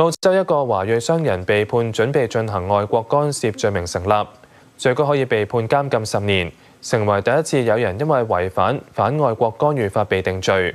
澳洲一個華裔商人被判準備進行外國干涉罪名成立，最高可以被判監禁十年，成為第一次有人因為違反反外國干預法被定罪。